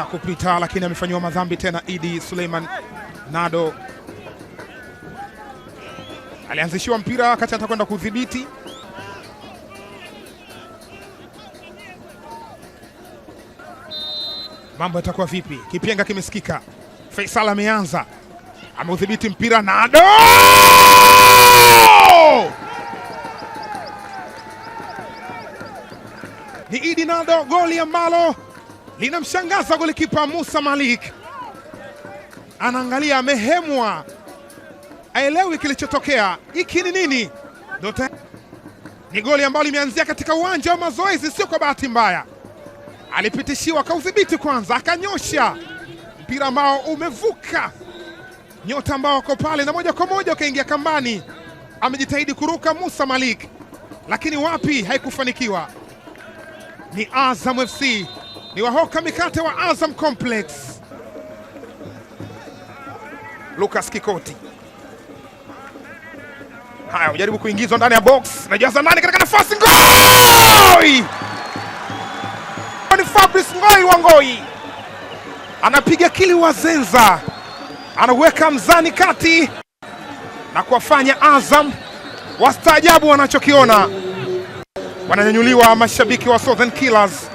Anataka kupita lakini amefanyiwa madhambi tena. Idi Suleiman Nado alianzishiwa mpira wakati atakwenda kudhibiti mambo yatakuwa vipi? Kipenga kimesikika. Faisal ameanza, ameudhibiti mpira. Nado ni Idi Nado, goli ambalo linamshangaza golikipa Musa Malik, anaangalia amehemwa, aelewi kilichotokea. Hiki ni nini? Dota ni goli ambalo limeanzia katika uwanja wa mazoezi, sio kwa bahati mbaya. Alipitishiwa, kaudhibiti kwanza, akanyosha mpira ambao umevuka nyota ambao wako pale, na moja kwa moja ukaingia kambani. Amejitahidi kuruka Musa Malik, lakini wapi, haikufanikiwa. Ni Azam FC ni wahoka mikate wa Azam Complex. Lucas Kikoti, haya ujaribu kuingizwa ndani ya box, najaza ndani katika nafasi, ngoi ni Fabrice Ngoi wa Ngoi anapiga kili wa Zenza, anaweka mzani kati na kuwafanya Azam wastaajabu wanachokiona, wananyanyuliwa mashabiki wa Southern Killers.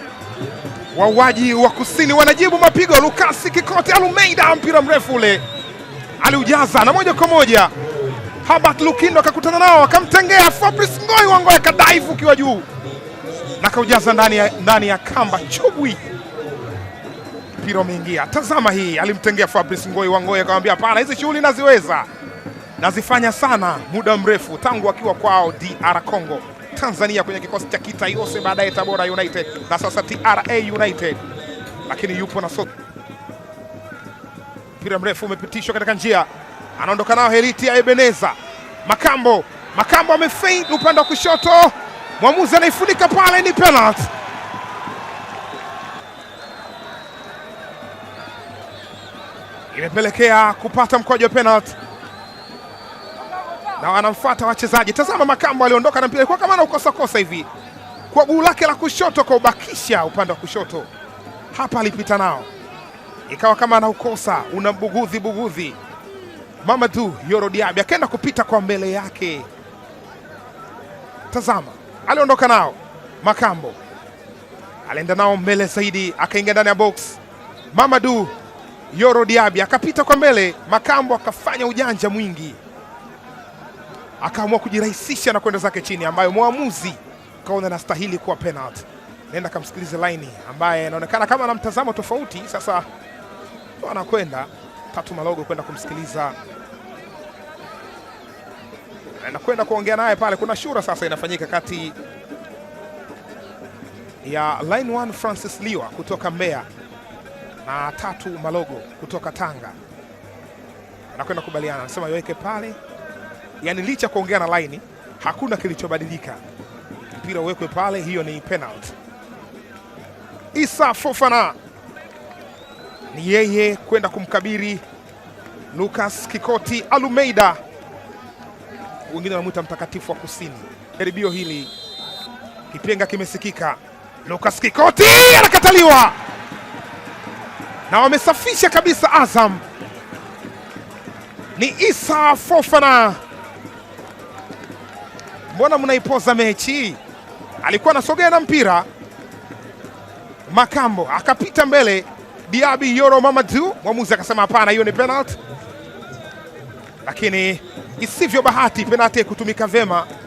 Wauaji wa kusini wanajibu mapigo. Lukasi Kikoti Alumeida, mpira mrefu ule aliujaza, na moja kwa moja Habart Lukindo akakutana nao, akamtengea Fabrice Ngoi wangoe Ngoi, kadaifu ukiwa juu na kaujaza ndani ya, ndani ya kamba. Chubwi mpira umeingia. Tazama hii, alimtengea Fabrice Ngoi wangoe Ngoi, akamwambia hapana, hizi shughuli naziweza, nazifanya sana muda mrefu tangu akiwa kwao DR Congo. Tanzania kwenye kikosi cha kitayose baadaye Tabora United na sasa TRA United, lakini yupo na so mpira mrefu umepitishwa katika njia, anaondoka nao Heriti ya Ebeneza Makambo. Makambo amefaint upande wa kushoto, mwamuzi anaifunika pale, ni penalty. Imepelekea kupata mkwaju wa penalty na wanamfuata wachezaji. Tazama Makambo aliondoka na mpira ilikuwa kama anaukosakosa hivi kwa guu lake la kushoto, kwa ubakisha upande wa kushoto hapa, alipita nao ikawa kama anaukosa, una bugudhi bugudhi. Yoro Diaby akaenda kupita kwa mbele yake, tazama aliondoka nao Makambo alienda nao mbele zaidi, akaingia ndani ya box. mamadu Yoro Diaby akapita kwa mbele, Makambo akafanya ujanja mwingi akaamua kujirahisisha na kwenda zake chini, ambayo mwamuzi kaona anastahili kuwa penalty. Nenda kamsikilize Laini ambaye anaonekana kama anamtazama tofauti. Sasa anakwenda Tatu Malogo kwenda kumsikiliza, anakwenda kuongea naye pale. Kuna shura sasa inafanyika kati ya Line One Francis Liwa kutoka Mbeya na Tatu Malogo kutoka Tanga, anakwenda kubaliana, anasema iweke pale yani licha kuongea na laini hakuna kilichobadilika, mpira uwekwe pale, hiyo ni penalty. Isa Fofana ni yeye kwenda kumkabiri Lucas Kikoti Alumeida, wengine wanamwita mtakatifu wa kusini. Jaribio hili kipenga kimesikika. Lucas Kikoti anakataliwa na wamesafisha kabisa. Azam ni Isa Fofana mbona mnaipoza mechi Alikuwa anasogea na mpira Makambo akapita mbele, Diaby Yoro Mamadu, mwamuzi akasema hapana, hiyo ni penalty, lakini isivyo bahati penalty kutumika vyema.